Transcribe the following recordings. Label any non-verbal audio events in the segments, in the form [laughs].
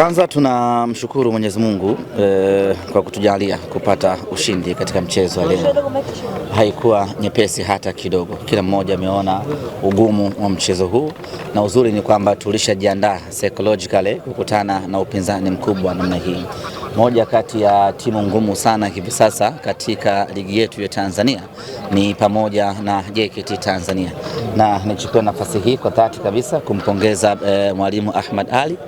Kwanza tunamshukuru Mwenyezi Mungu e, kwa kutujalia kupata ushindi katika mchezo wa leo. Haikuwa nyepesi hata kidogo, kila mmoja ameona ugumu wa mchezo huu, na uzuri ni kwamba tulishajiandaa psychologically kukutana na upinzani mkubwa namna hii. Moja kati ya timu ngumu sana hivi sasa katika ligi yetu ya Tanzania ni pamoja na JKT Tanzania, na nichukue nafasi hii kwa dhati kabisa kumpongeza e, mwalimu Ahmad Ali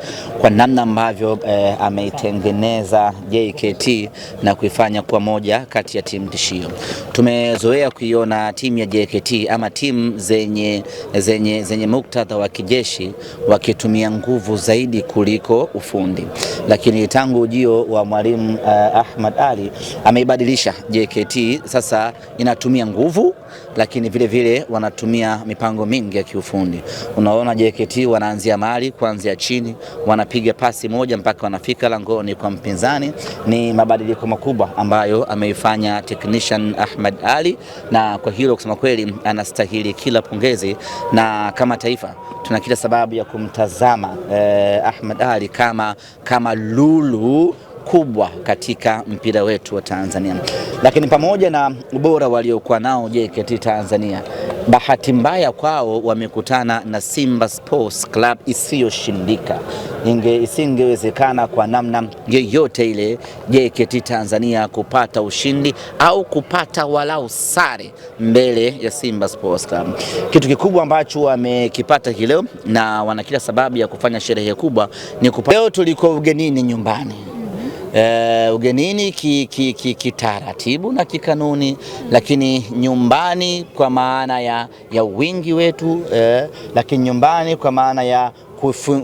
kwa namna ambavyo e, ameitengeneza JKT na kuifanya kuwa moja kati ya timu tishio. Tumezoea kuiona timu ya JKT ama timu zenye, zenye, zenye muktadha wa kijeshi wakitumia nguvu zaidi kuliko ufundi, lakini tangu ujio wa mwalimu uh, Ahmad Ali ameibadilisha JKT, sasa inatumia nguvu, lakini vile vile wanatumia mipango mingi ya kiufundi. Unaona JKT wanaanzia mali kuanzia chini, wanapiga pasi moja mpaka wanafika langoni kwa mpinzani. Ni mabadiliko makubwa ambayo ameifanya technician Ahmad Ali, na kwa hilo kusema kweli anastahili kila pongezi, na kama taifa tuna kila sababu ya kumtazama eh, Ahmad Ali kama, kama lulu kubwa katika mpira wetu wa Tanzania, lakini pamoja na ubora waliokuwa nao JKT Tanzania, bahati mbaya kwao wamekutana na Simba Sports Club isiyoshindika. Inge isingewezekana kwa namna yoyote ile JKT Tanzania kupata ushindi au kupata walau sare mbele ya Simba Sports Club. Kitu kikubwa ambacho wamekipata hileo na wana kila sababu ya kufanya sherehe kubwa ni kupata. Leo tuliko ugenini nyumbani e, ugenini kitaratibu ki, ki, ki na kikanuni, lakini nyumbani kwa maana ya, ya wingi wetu e, lakini nyumbani kwa maana ya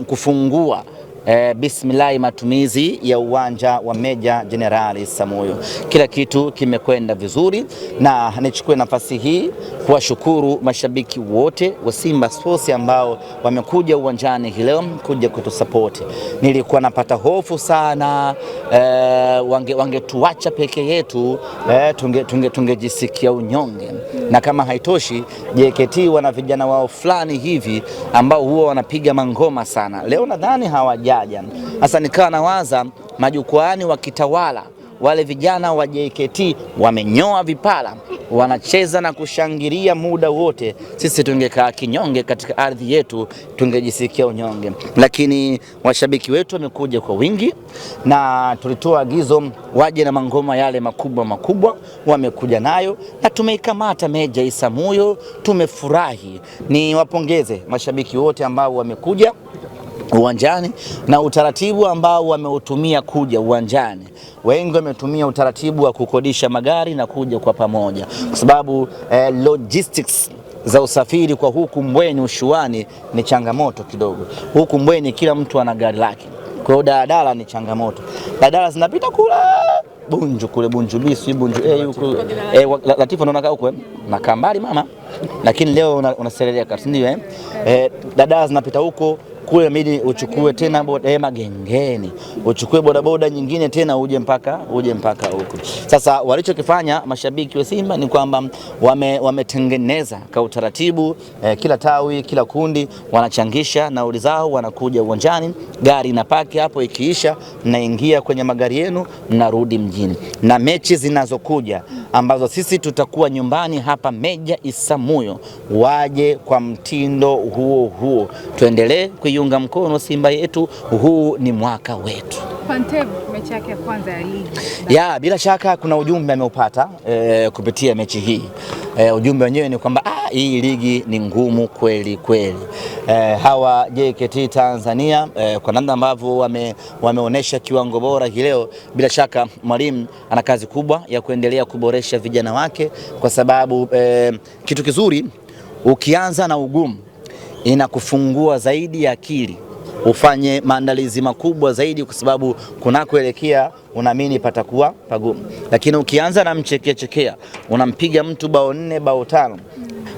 kufungua e, bismillah matumizi ya uwanja wa Meja Jenerali Samuyo, kila kitu kimekwenda vizuri, na nichukue nafasi hii kuwashukuru mashabiki wote wa Simba Sports ambao wamekuja uwanjani hii leo kuja kutusapoti. Nilikuwa napata hofu sana e, wangetuacha wange peke yetu e, eh, tungejisikia tunge, tungejisikia unyonge, na kama haitoshi JKT wana vijana wao fulani hivi ambao huwa wanapiga mangoma sana, leo nadhani hawaja kujaja. Sasa nikawa nawaza majukwaani wakitawala wale vijana wa JKT wamenyoa vipara, wanacheza na kushangilia muda wote. Sisi tungekaa kinyonge katika ardhi yetu, tungejisikia unyonge, lakini washabiki wetu wamekuja kwa wingi, na tulitoa agizo waje na mangoma yale makubwa makubwa, wamekuja nayo na tumeikamata Meja Isamuyo, tumefurahi. Ni wapongeze mashabiki wote ambao wamekuja uwanjani na utaratibu ambao wameutumia kuja uwanjani. Wengi wametumia utaratibu wa kukodisha magari na kuja kwa pamoja, kwa sababu eh, logistics za usafiri kwa huku Mbweni Ushuani ni changamoto kidogo. Huku Mbweni kila mtu ana gari lake, kwa hiyo daladala ni changamoto. Daladala zinapita kule Bunju kule Bunju B si Bunju A huko eh, eh Latifa unaona kaa huko eh, nakaa mbali mama, lakini leo unaselelea una ndio eh, eh daladala zinapita huko uchukue mimi uchukue tena boda eh, Magengeni, uchukue bodaboda nyingine tena uje mpaka uje mpaka huko. Sasa walichokifanya mashabiki wa Simba ni kwamba wametengeneza wame kwa utaratibu eh, kila tawi kila kundi wanachangisha nauli zao, wanakuja uwanjani, gari inapaki hapo, ikiisha naingia kwenye magari yenu mnarudi mjini, na mechi zinazokuja ambazo sisi tutakuwa nyumbani hapa Meja Isamuyo waje kwa mtindo huo huo, tuendelee kuiunga mkono Simba yetu, huu ni mwaka wetu. mechi yake ya kwanza ya ligi. Ya, bila shaka kuna ujumbe ameupata e, kupitia mechi hii e, ujumbe wenyewe ni kwamba ah, hii ligi ni ngumu kweli kweli. E, hawa JKT Tanzania e, kwa namna ambavyo wame, wameonyesha kiwango bora hii leo, bila shaka mwalimu ana kazi kubwa ya kuendelea kuboresha vijana wake, kwa sababu e, kitu kizuri ukianza na ugumu inakufungua zaidi ya akili ufanye maandalizi makubwa zaidi, kwa sababu kunakoelekea unaamini patakuwa pagumu. Lakini ukianza na mchekea chekea, unampiga mtu bao nne bao tano,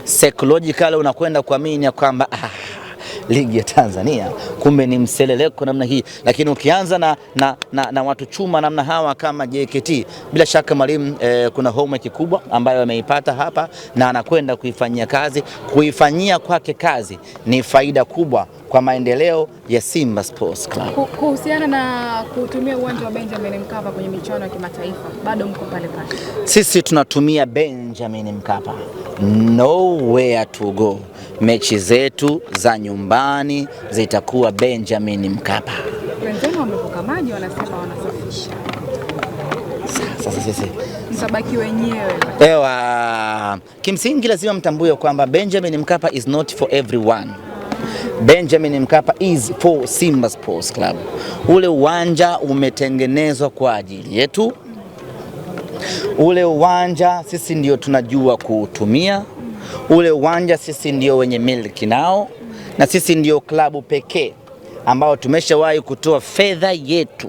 psychologically unakwenda kuamini ya kwamba ah, ligi ya Tanzania. Kumbe ni mseleleko namna hii, lakini ukianza na, na, na, na watu chuma namna hawa kama JKT, bila shaka mwalimu eh, kuna homework kubwa ambayo ameipata hapa na anakwenda kuifanyia kazi. Kuifanyia kwake kazi ni faida kubwa kwa maendeleo ya Simba Sports Club. Kuhusiana na kutumia uwanja wa Benjamin Mkapa kwenye michuano ya kimataifa, bado mko pale pale? Sisi tunatumia Benjamin Mkapa, nowhere to go. Mechi zetu za nyumbani zitakuwa Benjamin Mkapa. Wenzenu wamevuka maji, wanasema wanasafisha sasa sisi msabaki wenyewe. Ewa, kimsingi lazima mtambue kwamba Benjamin Mkapa is not for everyone. Benjamin Mkapa is for Simba Sports Club. Ule uwanja umetengenezwa kwa ajili yetu. Ule uwanja sisi ndio tunajua kuutumia. Ule uwanja sisi ndio wenye miliki nao, na sisi ndio klabu pekee ambao tumeshawahi kutoa fedha yetu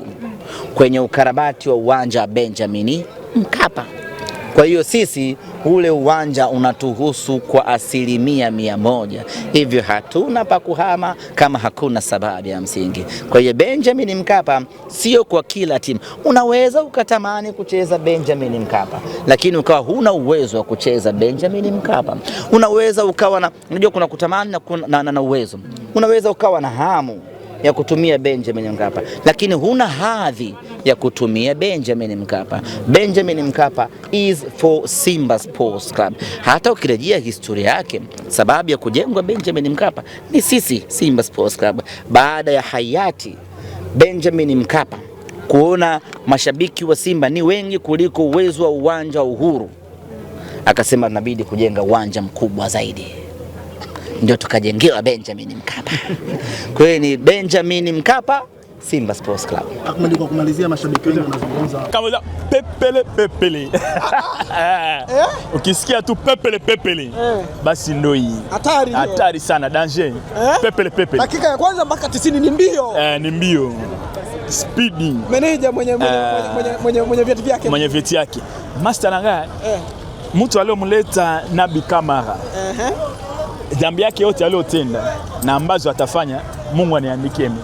kwenye ukarabati wa uwanja wa Benjamin Mkapa. Kwa hiyo sisi ule uwanja unatuhusu kwa asilimia mia moja, hivyo hatuna pa kuhama kama hakuna sababu ya msingi. Kwa hiyo Benjamin Mkapa sio kwa kila timu. Unaweza ukatamani kucheza Benjamin Mkapa, lakini ukawa huna uwezo wa kucheza Benjamin Mkapa. Unaweza ukawa na, unajua kuna kutamani na, na, na uwezo. Unaweza ukawa na hamu ya kutumia Benjamin Mkapa, lakini huna hadhi ya kutumia Benjamin Mkapa. Benjamin Mkapa is for Simba Sports Club. Hata ukirejea historia yake, sababu ya kujengwa Benjamin Mkapa ni sisi Simba Sports Club, baada ya hayati Benjamin Mkapa kuona mashabiki wa Simba ni wengi kuliko uwezo wa uwanja wa Uhuru, akasema inabidi kujenga uwanja mkubwa zaidi ndio tukajengewa Benjamin Mkapa. Kwa hiyo ni Benjamin Mkapa Simba Sports Club. Ahmed, kwa kumalizia, mashabiki wengi wanazungumza kama za pepele pepele. Eh? Eh? Ukisikia tu pepele pepele eh. basi ndio hii. Hatari. Hatari sana danger. Pepele pepele. Dakika ya kwanza mpaka 90 ni mbio. Eh, ni mbio. Speed. Meneja mwenye mwenye mwenye mwenye vyeti vyake. Mwenye vyeti yake. Master Nangaa. Eh. Mtu aliyomleta Nabi Kamara. Eh dhambi yake yote aliyotenda na ambazo atafanya, Mungu aniandikie mimi.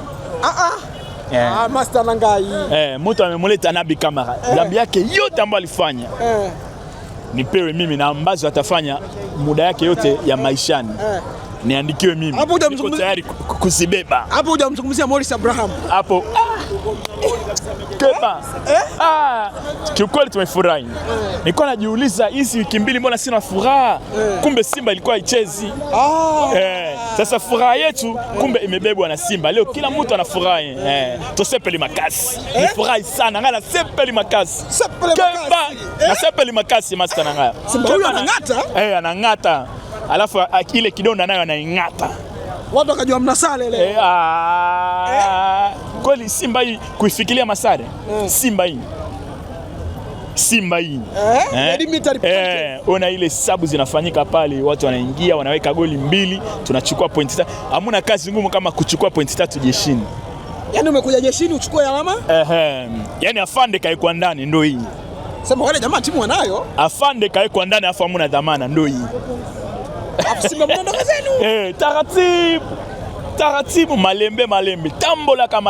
Yeah. Ah. Eh. ah, master nangai. Eh, mtu amemuleta Nabi Kamara eh. dhambi eh, yake yote ambayo alifanya eh, nipewe mimi na ambazo atafanya muda yake yote ya maishani eh, niandikiwe mimi. Hapo hujamzungumzia, tayari kusibeba. Hapo hujamzungumzia Morris Abraham. Hapo Keba. Eh? eh? Ah, kiukweli tumefurahi. Nilikuwa najiuliza hizi wiki mbili mbona sina furaha? eh. Kumbe Simba ilikuwa haichezi. Ah. Eh, sasa furaha yetu kumbe imebebwa na Simba. Leo kila mtu anafurahi. Eh, Eh. tosepeli makasi. Eh? Nifurahi sana ngana sepeli makasi. Sepeli makasi. Keba. Eh? Na sepeli makasi master na ngaya. Simba huyo anang'ata? Eh, anang'ata. Alafu ah, ile kidonda nayo anaing'ata. Watu wakajua mnasale leo. Eh, ah kweli Simba hii kuifikilia masare mm. Simba hii Simba hii eh, eh, yaani eh, ona ile sabu zinafanyika pale, watu wanaingia wanaweka goli mbili, tunachukua pointi tatu. Hamuna kazi ngumu kama kuchukua pointi tatu jeshini. Yani umekuja jeshini uchukue alama eh, eh. Yani afande kaekwa ndani, ndo hii sema wale jamaa timu wanayo, afande kaekwa ndani, afu hamuna dhamana, ndo hii zenu [laughs] eh, taratibu taratibu, malembe malembe, tambola kama